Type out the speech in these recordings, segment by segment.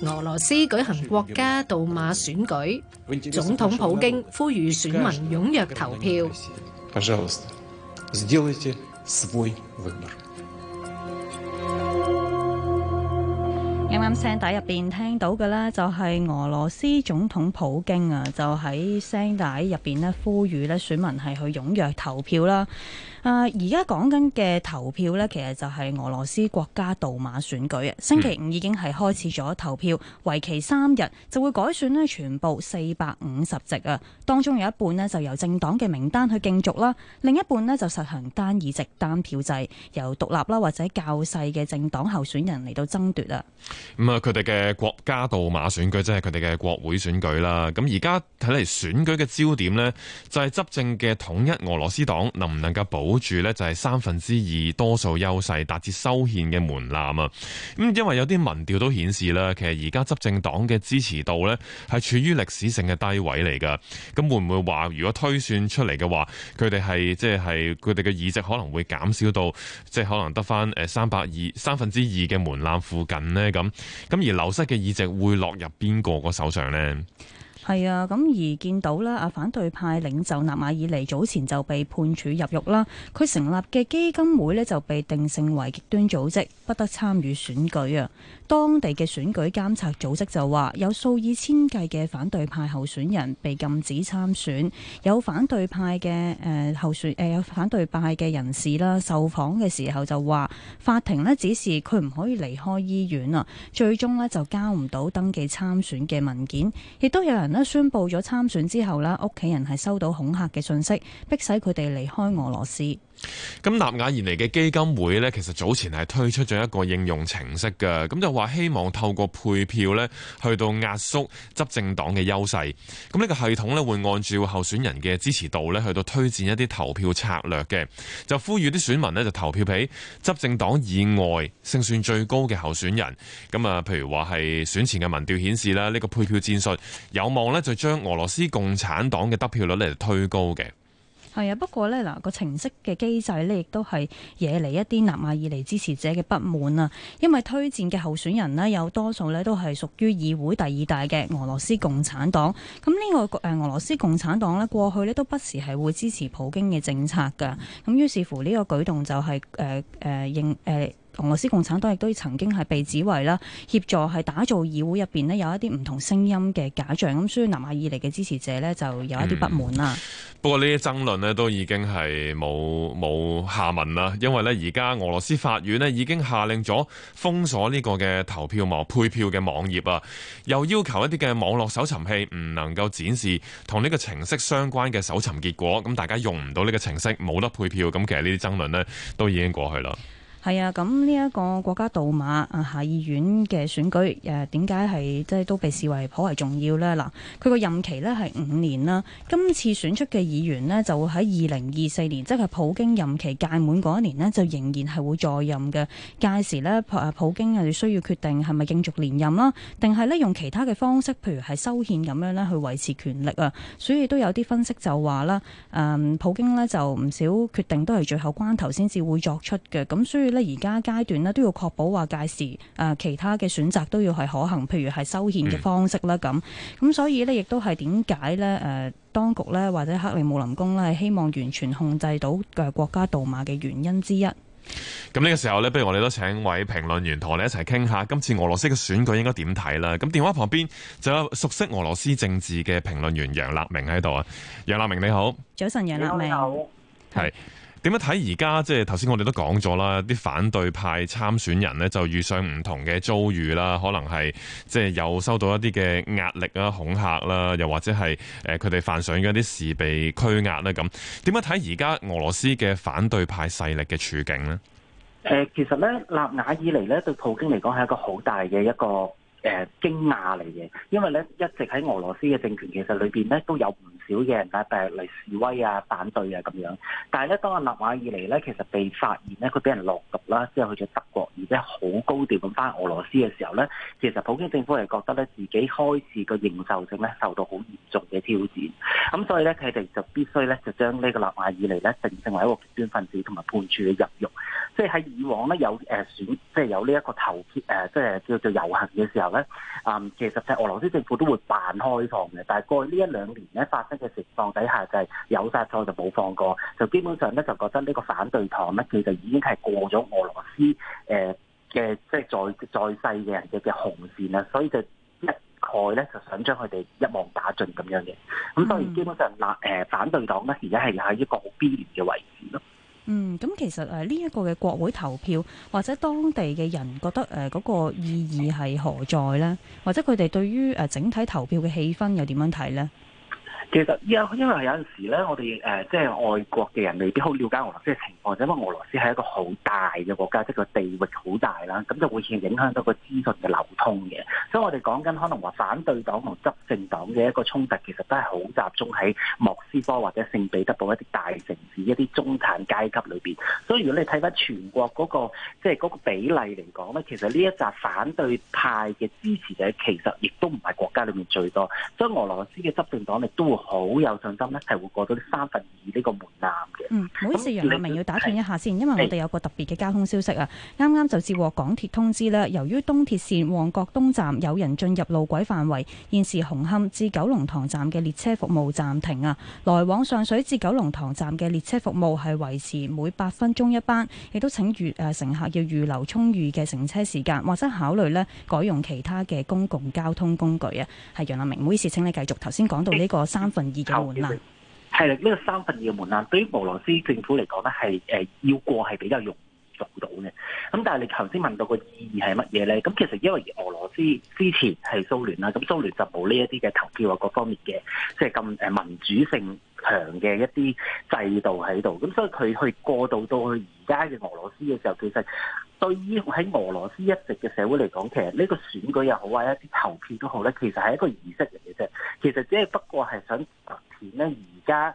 俄羅斯舉行國家杜馬選舉，總統普京呼籲選民踴躍投票。啱啱聲帶入邊聽到嘅呢，就係俄羅斯總統普京啊，就喺聲帶入邊呢呼籲呢選民係去踴躍投票啦。誒、呃，而家講緊嘅投票呢，其實就係俄羅斯國家杜馬選舉啊。星期五已經係開始咗投票，為期三日，就會改選呢全部四百五十席啊。當中有一半呢就由政黨嘅名單去競逐啦，另一半呢就實行單議席單票制，由獨立啦或者較細嘅政黨候選人嚟到爭奪啊。咁、嗯、啊，佢哋嘅國家杜馬選舉即係佢哋嘅國會選舉啦。咁而家睇嚟選舉嘅焦點呢，就係執政嘅統一俄羅斯黨能唔能夠保。住呢就係三分之二多數優勢達至修憲嘅門檻啊！咁因為有啲民調都顯示啦，其實而家執政黨嘅支持度呢係處於歷史性嘅低位嚟噶。咁會唔會話如果推算出嚟嘅話他們，佢哋係即係佢哋嘅議席可能會減少到，即係可能得翻誒三百二三分之二嘅門檻附近呢？咁咁而流失嘅議席會落入邊個個手上呢？係啊，咁而見到啦。啊反對派領袖納馬爾尼早前就被判處入獄啦。佢成立嘅基金會呢，就被定性為極端組織，不得參與選舉啊。當地嘅選舉監察組織就話有數以千計嘅反對派候選人被禁止參選。有反對派嘅誒、呃、候選，有、呃、反對派嘅人士啦，受訪嘅時候就話法庭呢指示佢唔可以離開醫院啊，最終呢，就交唔到登記參選嘅文件，亦都有人呢宣布咗參選之後呢，屋企人係收到恐嚇嘅信息，迫使佢哋離開俄羅斯。咁納瓦爾尼嘅基金會呢，其實早前係推出咗一個應用程式嘅，咁就話希望透過配票呢，去到壓縮執政黨嘅優勢。咁呢個系統呢，會按照候選人嘅支持度呢，去到推薦一啲投票策略嘅，就呼籲啲選民呢，就投票俾執政黨以外勝算最高嘅候選人。咁啊，譬如話係選前嘅民調顯示啦，呢、這個配票戰術有望呢，就將俄羅斯共產黨嘅得票率嚟，推高嘅。啊、哎，不過呢嗱，個程式嘅機制呢，亦都係惹嚟一啲納馬爾尼支持者嘅不滿啊，因為推薦嘅候選人呢，有多數呢都係屬於議會第二大嘅俄羅斯共產黨。咁呢、呢個、呃、俄羅斯共產黨呢，過去呢都不時係會支持普京嘅政策嘅。咁於是乎呢個舉動就係、是呃呃俄羅斯共產黨亦都曾經係被指為啦，協助係打造議會入邊呢，有一啲唔同聲音嘅假象，咁所以納瓦爾尼嘅支持者呢，就有一啲不滿啦、嗯。不過呢啲爭論呢，都已經係冇冇下文啦，因為呢而家俄羅斯法院呢，已經下令咗封鎖呢個嘅投票網配票嘅網頁啊，又要求一啲嘅網絡搜尋器唔能夠展示同呢個程式相關嘅搜尋結果，咁大家用唔到呢個程式冇得配票，咁其實呢啲爭論呢，都已經過去啦。係啊，咁呢一個國家杜馬啊下議院嘅選舉，誒點解係即係都被視為頗為重要呢？嗱、啊，佢個任期呢係五年啦，今次選出嘅議員呢，就會喺二零二四年，即、就、係、是、普京任期屆滿嗰一年呢，就仍然係會在任嘅。屆時呢，啊、普京係需要決定係咪競逐連任啦，定係呢，是用其他嘅方式，譬如係修憲咁樣呢，去維持權力啊。所以都有啲分析就話啦，誒、啊、普京呢就唔少決定都係最後關頭先至會作出嘅。咁、啊、所以而家階段咧，都要確保話屆時誒其他嘅選擇都要係可行，譬如係修憲嘅方式啦咁。咁、嗯、所以呢，亦都係點解呢？誒當局呢，或者克里姆林宮呢，係希望完全控制到嘅國家杜馬嘅原因之一。咁呢個時候呢，不如我哋都請位評論員同我哋一齊傾下今次俄羅斯嘅選舉應該點睇啦。咁電話旁邊就有熟悉俄羅斯政治嘅評論員楊立明喺度啊。楊立明你好，早晨楊立明，係。點樣睇，而家即係頭先我哋都講咗啦，啲反對派參選人呢，就遇上唔同嘅遭遇啦，可能係即係又收到一啲嘅壓力啊、恐嚇啦，又或者係誒佢哋犯上一啲事被拘押啦咁。點樣睇而家俄羅斯嘅反對派勢力嘅處境呢？誒，其實呢，納瓦爾尼呢，對普京嚟講係一個好大嘅一個。誒、呃、驚訝嚟嘅，因為咧一直喺俄羅斯嘅政權其實裏面咧都有唔少嘅人，例如嚟示威啊、反對啊咁樣，但係咧當阿納瓦爾尼咧其實被發現咧佢俾人落毒啦，之後去咗德國，而且好高調咁返俄羅斯嘅時候咧，其實普京政府係覺得咧自己開始個認受性咧受到好嚴重嘅挑戰，咁所以咧佢哋就必須咧就將呢個納瓦爾尼咧定性為一個極端分子同埋判處入獄。即係喺以往咧有誒選，即係有呢一個投票誒，即係叫做遊行嘅時候咧，啊，其實喺俄羅斯政府都會半開放嘅，但係過去呢一兩年咧發生嘅情況底下就係有殺錯就冇放過，就基本上咧就覺得呢個反對黨咧其實已經係過咗俄羅斯誒嘅即係在在，在世嘅人嘅嘅紅線啦，所以就一概咧就想將佢哋一網打盡咁樣嘅，咁當然基本上立誒反對黨咧而家係喺一個好邊緣嘅位置。咁其實誒呢一個嘅國會投票，或者當地嘅人覺得誒嗰個意義係何在呢？或者佢哋對於誒整體投票嘅氣氛又點樣睇呢？其實依家因為有陣時咧，我哋誒即係外國嘅人未必好了解俄羅斯嘅情況，因為俄羅斯係一個好大嘅國家，即係個地域好大啦，咁就會影響到個資訊嘅流通嘅。所以我哋講緊可能話反對黨同執政黨嘅一個衝突，其實都係好集中喺莫斯科或者聖彼得堡一啲大城市一啲中產階級裏邊。所以如果你睇翻全國嗰個即係嗰個比例嚟講咧，其實呢一紮反對派嘅支持者其實亦都唔係國家裏面最多。所以俄羅斯嘅執政黨亦都會好有信心咧，係會過到三分二呢個門檻嘅。嗯，唔好意思，楊立明要打斷一下先，因為我哋有個特別嘅交通消息啊！啱啱就接獲港鐵通知咧，由於東鐵線旺角東站有人進入路軌範圍，現時紅磡至九龍塘站嘅列車服務暫停啊！來往上水至九龍塘站嘅列車服務係維持每八分鐘一班，亦都請預誒乘客要預留充裕嘅乘車時間，或者考慮呢改用其他嘅公共交通工具啊！係楊立明，唔好意思，請你繼續頭先講到呢個三。三份二門檻啊，係啦，呢、這個三份二門檻啊，對於俄羅斯政府嚟講咧，係誒、呃、要過係比較容易做到嘅。咁但係你頭先問到個意義係乜嘢咧？咁其實因為俄羅斯之前係蘇聯啦，咁蘇聯就冇呢一啲嘅投票啊各方面嘅，即係咁誒民主性。強嘅一啲制度喺度，咁所以佢去過渡到去而家嘅俄羅斯嘅時候，其實對於喺俄羅斯一直嘅社會嚟講，其實呢個選舉又好啊，一啲投票都好咧，其實係一個儀式嚟嘅啫。其實只係不過係想凸顯咧而家。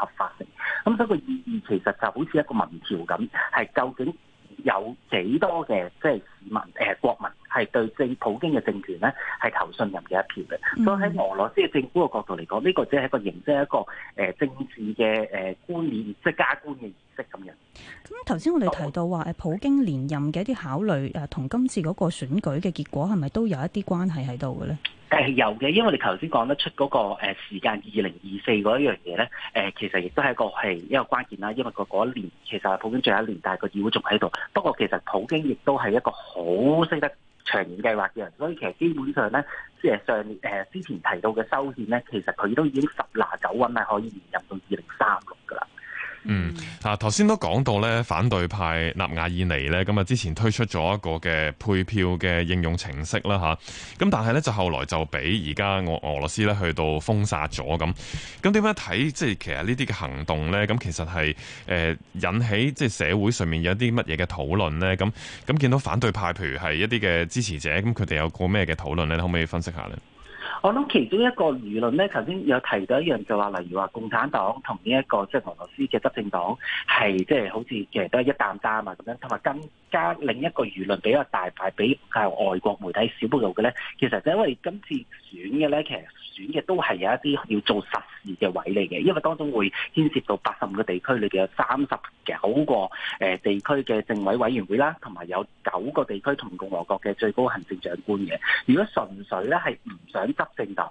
合法性，咁所以個意義其實就好似一個民調咁，係究竟有幾多嘅即係市民誒、呃、國民係對政普京嘅政權咧係投信任嘅一票嘅，所以喺俄羅斯嘅政府嘅角度嚟講，呢、這個只係一個形式，一個誒政治嘅誒觀念，即係加官嘅儀式咁樣。咁頭先我哋提到話，誒普京連任嘅一啲考慮誒同今次嗰個選舉嘅結果係咪都有一啲關係喺度嘅咧？誒係有嘅，因為你頭先講得出嗰個誒時間二零二四嗰一樣嘢咧，誒其實亦都係一個係一個關鍵啦。因為個嗰一年其實係普京最後一年，但係個議會仲喺度。不過其實普京亦都係一個好識得長年計劃嘅人，所以其實基本上咧，即係上誒之前提到嘅修憲咧，其實佢都已經十拿九穩係可以連任到二。嗯，嗱，頭先都講到咧，反對派納亞爾尼咧，咁啊之前推出咗一個嘅配票嘅應用程式啦，吓，咁但係咧就後來就俾而家俄俄羅斯咧去到封殺咗，咁，咁點樣睇？即係其實呢啲嘅行動咧，咁其實係誒引起即係社會上面有一啲乜嘢嘅討論咧？咁，咁見到反對派譬如係一啲嘅支持者，咁佢哋有個咩嘅討論咧？你可唔可以分析下咧？我諗其中一個輿論咧，頭先有提到一樣就話，例如話共產黨同呢一個即係、就是、俄羅斯嘅執政黨係即係好似其實都係一擔擔啊，咁樣，同埋更加另一個輿論比較大牌，比較外國媒體少報導嘅咧，其實就因為今次選嘅咧其實。嘅都係有一啲要做實事嘅位嚟嘅，因為當中會牽涉到八十五個地區，裏面有三十九個誒地區嘅政委委員會啦，同埋有九個地區同共和國嘅最高行政長官嘅。如果純粹咧係唔想執政黨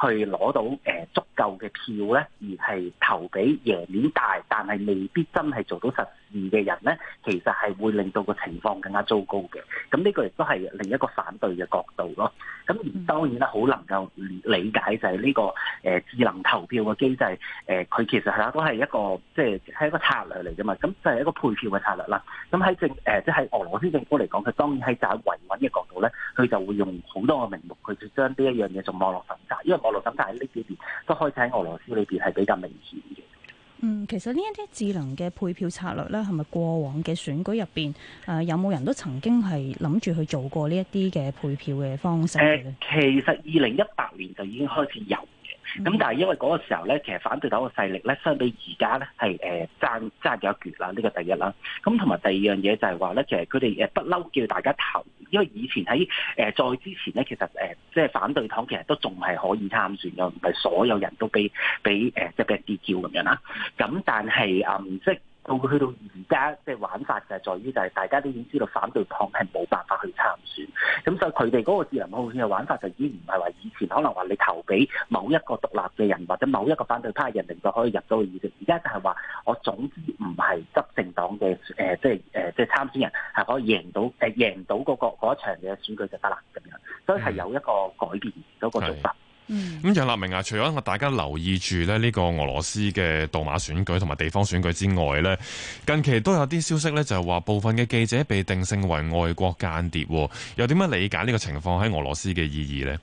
去攞到誒足夠嘅票咧，而係投俾贏面大，但係未必真係做到實事。嘅人咧，其實係會令到個情況更加糟糕嘅。咁呢個亦都係另一個反對嘅角度咯。咁當然啦，好能夠理解就係呢個、呃、智能投票嘅機制佢、呃、其實係都係一個即係係一個策略嚟㗎嘛。咁就係一個配票嘅策略啦。咁喺政、呃即係俄羅斯政府嚟講，佢當然係就喺維穩嘅角度咧，佢就會用好多個名目，佢就將呢一樣嘢做網絡審查，因為網絡審查喺呢幾年都開始喺俄羅斯裏面係比較明顯。嗯，其實呢一啲智能嘅配票策略咧，係咪過往嘅選舉入邊，誒有冇人都曾經係諗住去做過呢一啲嘅配票嘅方式？誒，其實二零一八年就已經開始有。咁、嗯、但係因為嗰個時候咧，其實反對黨嘅勢力咧，相比而家咧係誒爭爭幾多啦，呢、呢個第一啦。咁同埋第二樣嘢就係話咧，其實佢哋不嬲叫大家投，因為以前喺誒再之前咧，其實即係、呃、反對黨其實都仲係可以參選，又唔係所有人都俾俾誒即係 DQ 咁樣啦。咁但係誒即係。到佢去到而家，即係玩法就係在於，就係大家都已經知道反對派係冇辦法去參選，咁所以佢哋嗰個智能保選嘅玩法就已經唔係話以前可能話你投俾某一個獨立嘅人或者某一個反對派嘅人，令到可以入到個議席。而家就係話，我總之唔係執政黨嘅誒、呃，即係誒、呃，即係參選人係可以贏到誒、呃、贏到嗰、嗰個場嘅選舉就得啦咁樣，所以係有一個改變嗰、嗯、個做法。咁、嗯、楊立明啊，除咗我大家留意住咧呢個俄羅斯嘅杜馬選舉同埋地方選舉之外呢近期都有啲消息呢，就係話部分嘅記者被定性為外國間諜，又點樣理解呢個情況喺俄羅斯嘅意義呢？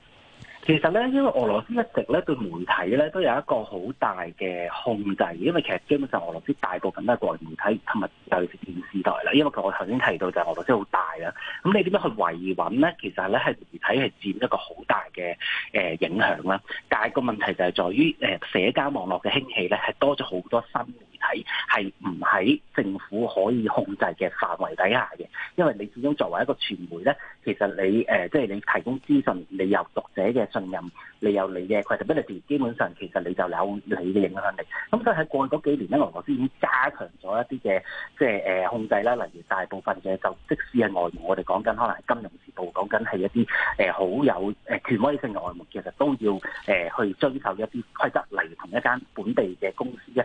其實呢，因為俄羅斯一直呢對媒體呢都有一個好大嘅控制，因為其實基本上俄羅斯大部分都係國內媒體同埋尤電視台啦，因為我頭先提到就俄羅斯好大啦，咁你點樣去維穩呢？其實呢，係媒體係佔一個好大。嘅誒，影響啦，但係個問題就係在於誒，社交網絡嘅興起咧，係多咗好多新的。係，係唔喺政府可以控制嘅範圍底下嘅，因為你始終作為一個傳媒咧，其實你誒，即係你提供資訊，你有讀者嘅信任，你有你嘅 credibility，基本上其實你就有你嘅影響力。咁所以喺過去嗰幾年咧，俄羅斯已經加強咗一啲嘅即係誒控制啦，例如大部分嘅就即使係外務，我哋講緊可能係金融時報講緊係一啲誒好有誒權威性嘅外務，其實都要誒去遵守一啲規則嚟同一間本地嘅公司一。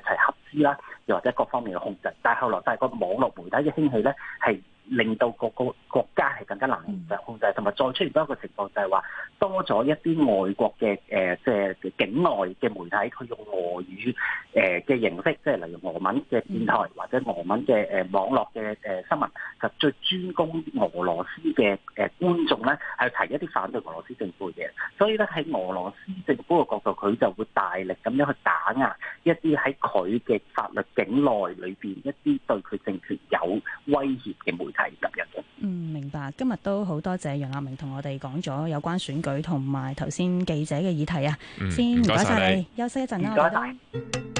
啦，又或者各方面嘅控制，但係後來大個網絡媒體嘅興起咧，係令到各個國家係更加難控制，同埋再出現一個情況就係話，多咗一啲外國嘅誒嘅境外嘅媒體佢用俄語誒嘅形式，即係例如俄文嘅電台或者俄文嘅誒網絡嘅誒新聞，就最專攻俄羅斯嘅誒觀眾咧，係要提一啲反對俄羅斯政府嘅，所以咧喺俄羅斯政府嘅角度，佢就會。力咁樣去打壓一啲喺佢嘅法律境內裏面，一啲對佢政權有威脅嘅媒體咁樣嘅。嗯，明白。今日都好多謝楊立明同我哋講咗有關選舉同埋頭先記者嘅議題啊。嗯，先唔該晒你，休息一陣啦，拜拜。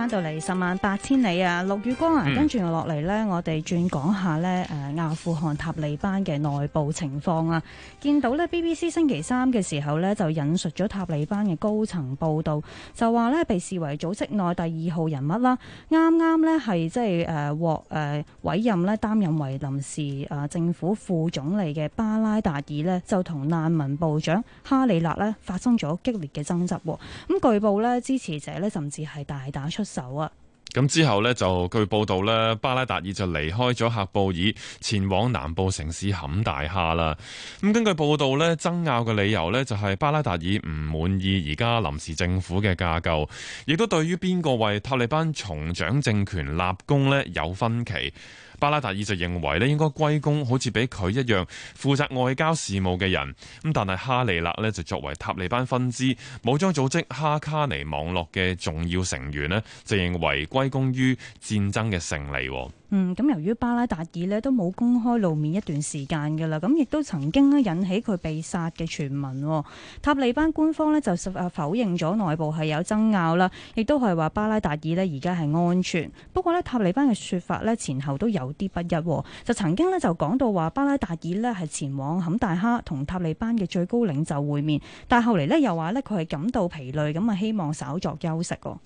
翻到嚟十萬八千里啊，陸宇光啊！嗯、跟住落嚟呢。我哋轉講下呢，誒、呃、阿富汗塔利班嘅內部情況啊！見到呢 BBC 星期三嘅時候呢，就引述咗塔利班嘅高層報道，就話呢，被視為組織內第二號人物啦。啱啱呢，係即係誒獲誒委任呢，擔任為臨時誒、呃、政府副總理嘅巴拉達爾呢，就同難民部長哈里勒呢，發生咗激烈嘅爭執啊。咁、嗯、據報呢，支持者呢，甚至係大打出手。啊！咁之後呢，就據報道呢，巴拉達爾就離開咗喀布爾，前往南部城市坎大哈啦。咁根據報道呢，爭拗嘅理由呢，就係巴拉達爾唔滿意而家臨時政府嘅架構，亦都對於邊個為塔利班重掌政權立功呢有分歧。巴拉達爾就認為咧應該歸功好似畀佢一樣負責外交事務嘅人，咁但係哈利勒咧就作為塔利班分支武裝組織哈卡尼網絡嘅重要成員咧，就認為歸功於戰爭嘅勝利。嗯，咁由於巴拉達爾呢都冇公開露面一段時間㗎啦，咁亦都曾經呢引起佢被殺嘅傳聞。塔利班官方呢就否認咗內部係有爭拗啦，亦都係話巴拉達爾呢而家係安全。不過呢，塔利班嘅說法呢，前後都有啲不一，就曾經呢，就講到話巴拉達爾呢係前往坎大哈同塔利班嘅最高領袖會面，但係後嚟呢，又話呢，佢係感到疲累，咁啊希望稍作休息。咁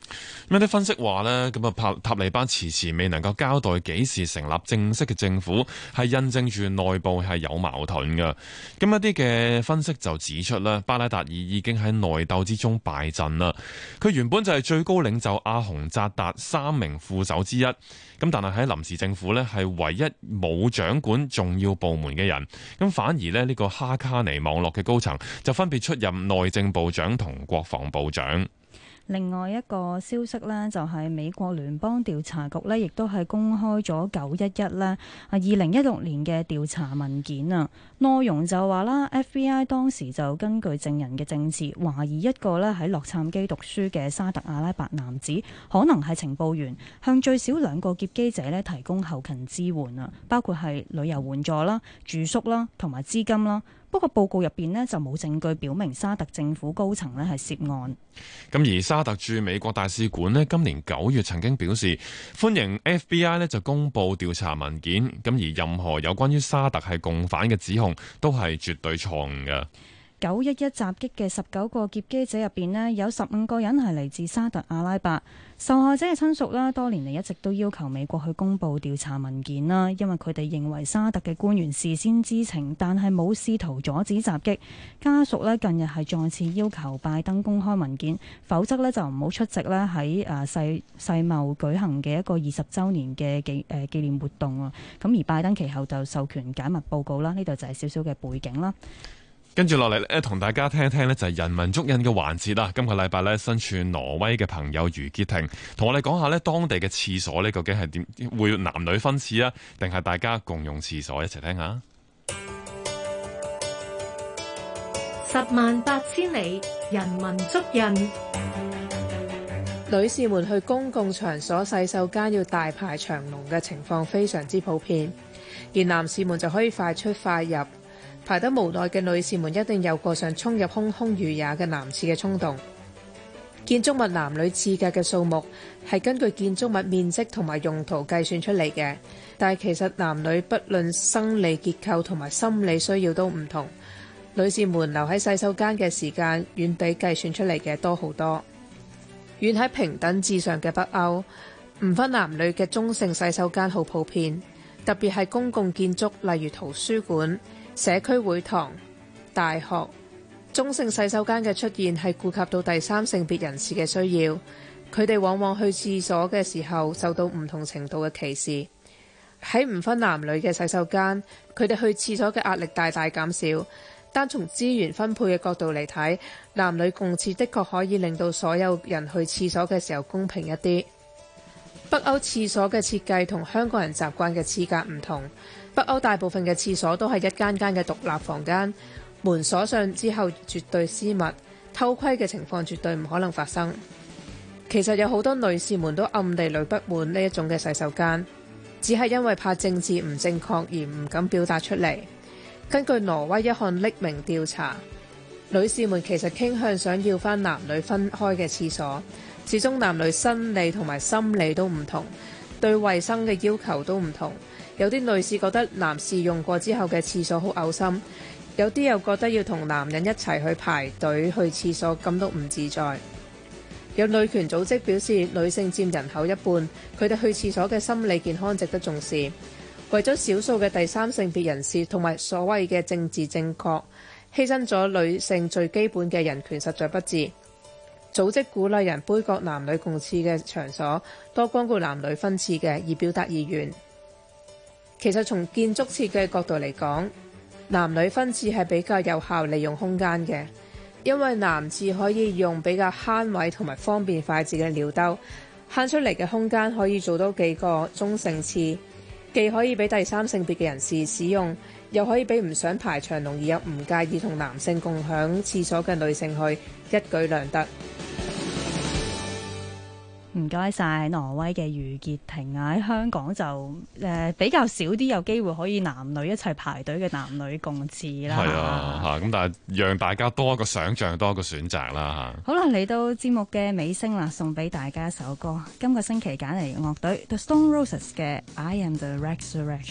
有啲分析話呢，咁啊塔塔利班遲遲未能夠交代幾時成立正式嘅政府，係印證住內部係有矛盾嘅。咁一啲嘅分析就指出咧，巴拉達爾已經喺內鬥之中敗陣啦。佢原本就係最高領袖阿洪扎達三名副手之一，咁但係喺臨時政府呢，係唯一冇掌管重要部門嘅人，咁反而呢，呢個哈卡尼網絡嘅高層就分別出任內政部長同國防部長。另外一個消息呢，就係美國聯邦調查局呢，亦都係公開咗九一一呢，啊二零一六年嘅調查文件啊，內容就話啦，FBI 當時就根據證人嘅證詞，懷疑一個呢喺洛杉磯讀書嘅沙特阿拉伯男子可能係情報員，向最少兩個劫機者呢提供後勤支援啊，包括係旅遊援助啦、住宿啦同埋資金啦。嗰個報告入邊呢就冇證據表明沙特政府高層呢係涉案。咁而沙特駐美國大使館呢今年九月曾經表示歡迎 FBI 呢就公布調查文件。咁而任何有關於沙特係共犯嘅指控都係絕對錯誤嘅。九一一襲擊嘅十九個劫機者入面，呢有十五個人係嚟自沙特阿拉伯。受害者嘅親屬啦，多年嚟一直都要求美國去公布調查文件啦，因為佢哋認為沙特嘅官員事先知情，但係冇試圖阻止襲擊。家屬呢，近日係再次要求拜登公開文件，否則呢就唔好出席呢喺誒世世貿舉行嘅一個二十週年嘅紀、呃、紀念活動啊。咁而拜登其後就授權解密報告啦。呢度就係少少嘅背景啦。接下來跟住落嚟咧，同大家聽一聽咧就係人文足印嘅環節啦。今個禮拜咧身處挪威嘅朋友余潔婷，同我哋講下咧當地嘅廁所咧究竟係點？會男女分廁啊，定係大家共用廁所？一齊聽下。十萬八千里，人文足印。女士們去公共場所洗手間要大排長龍嘅情況非常之普遍，而男士們就可以快出快入。排得無奈嘅女士們，一定有過想衝入空空如也嘅男廁嘅衝動。建築物男女廁格嘅數目係根據建築物面積同埋用途計算出嚟嘅，但係其實男女不論生理結構同埋心理需要都唔同。女士們留喺洗手間嘅時間遠比計算出嚟嘅多好多。遠喺平等至上嘅北歐，唔分男女嘅中性洗手間好普遍，特別係公共建築，例如圖書館。社區會堂、大學、中性洗手間嘅出現係顧及到第三性別人士嘅需要。佢哋往往去廁所嘅時候受到唔同程度嘅歧視。喺唔分男女嘅洗手間，佢哋去廁所嘅壓力大大減少。單從資源分配嘅角度嚟睇，男女共廁的確可以令到所有人去廁所嘅時候公平一啲。北歐廁所嘅設計同香港人習慣嘅廁格唔同。北歐大部分嘅廁所都係一間間嘅獨立房間，門鎖上之後絕對私密，偷窺嘅情況絕對唔可能發生。其實有好多女士們都暗地裏不滿呢一種嘅洗手間，只係因為怕政治唔正確而唔敢表達出嚟。根據挪威一項匿名調查，女士們其實傾向想要翻男女分開嘅廁所。始終男女生理同埋心理都唔同，對衛生嘅要求都唔同。有啲女士覺得男士用過之後嘅廁所好嘔心，有啲又覺得要同男人一齊去排隊去廁所咁都唔自在。有女權組織表示，女性佔人口一半，佢哋去廁所嘅心理健康值得重視。為咗少數嘅第三性別人士同埋所謂嘅政治正確，犧牲咗女性最基本嘅人權，實在不智。組織鼓勵，人杯葛男女共廁嘅場所，多光顧男女分廁嘅以表達意願。其實從建築設計角度嚟講，男女分廁係比較有效利用空間嘅，因為男廁可以用比較慳位同埋方便快捷嘅尿兜，慳出嚟嘅空間可以做多幾個中性廁。既可以俾第三性別嘅人士使用，又可以俾唔想排長龍而又唔介意同男性共享廁所嘅女性去，一舉兩得。唔該曬，挪威嘅余潔婷啊！喺香港就誒、呃、比較少啲有機會可以男女一齊排隊嘅男女共廁啦係啊吓，咁、啊嗯、但係讓大家多一個想象多一個選擇啦吓、嗯，好啦，嚟到節目嘅尾聲啦，送俾大家一首歌。今個星期揀嚟樂隊 The Stone Roses 嘅《I Am The Resurrection》。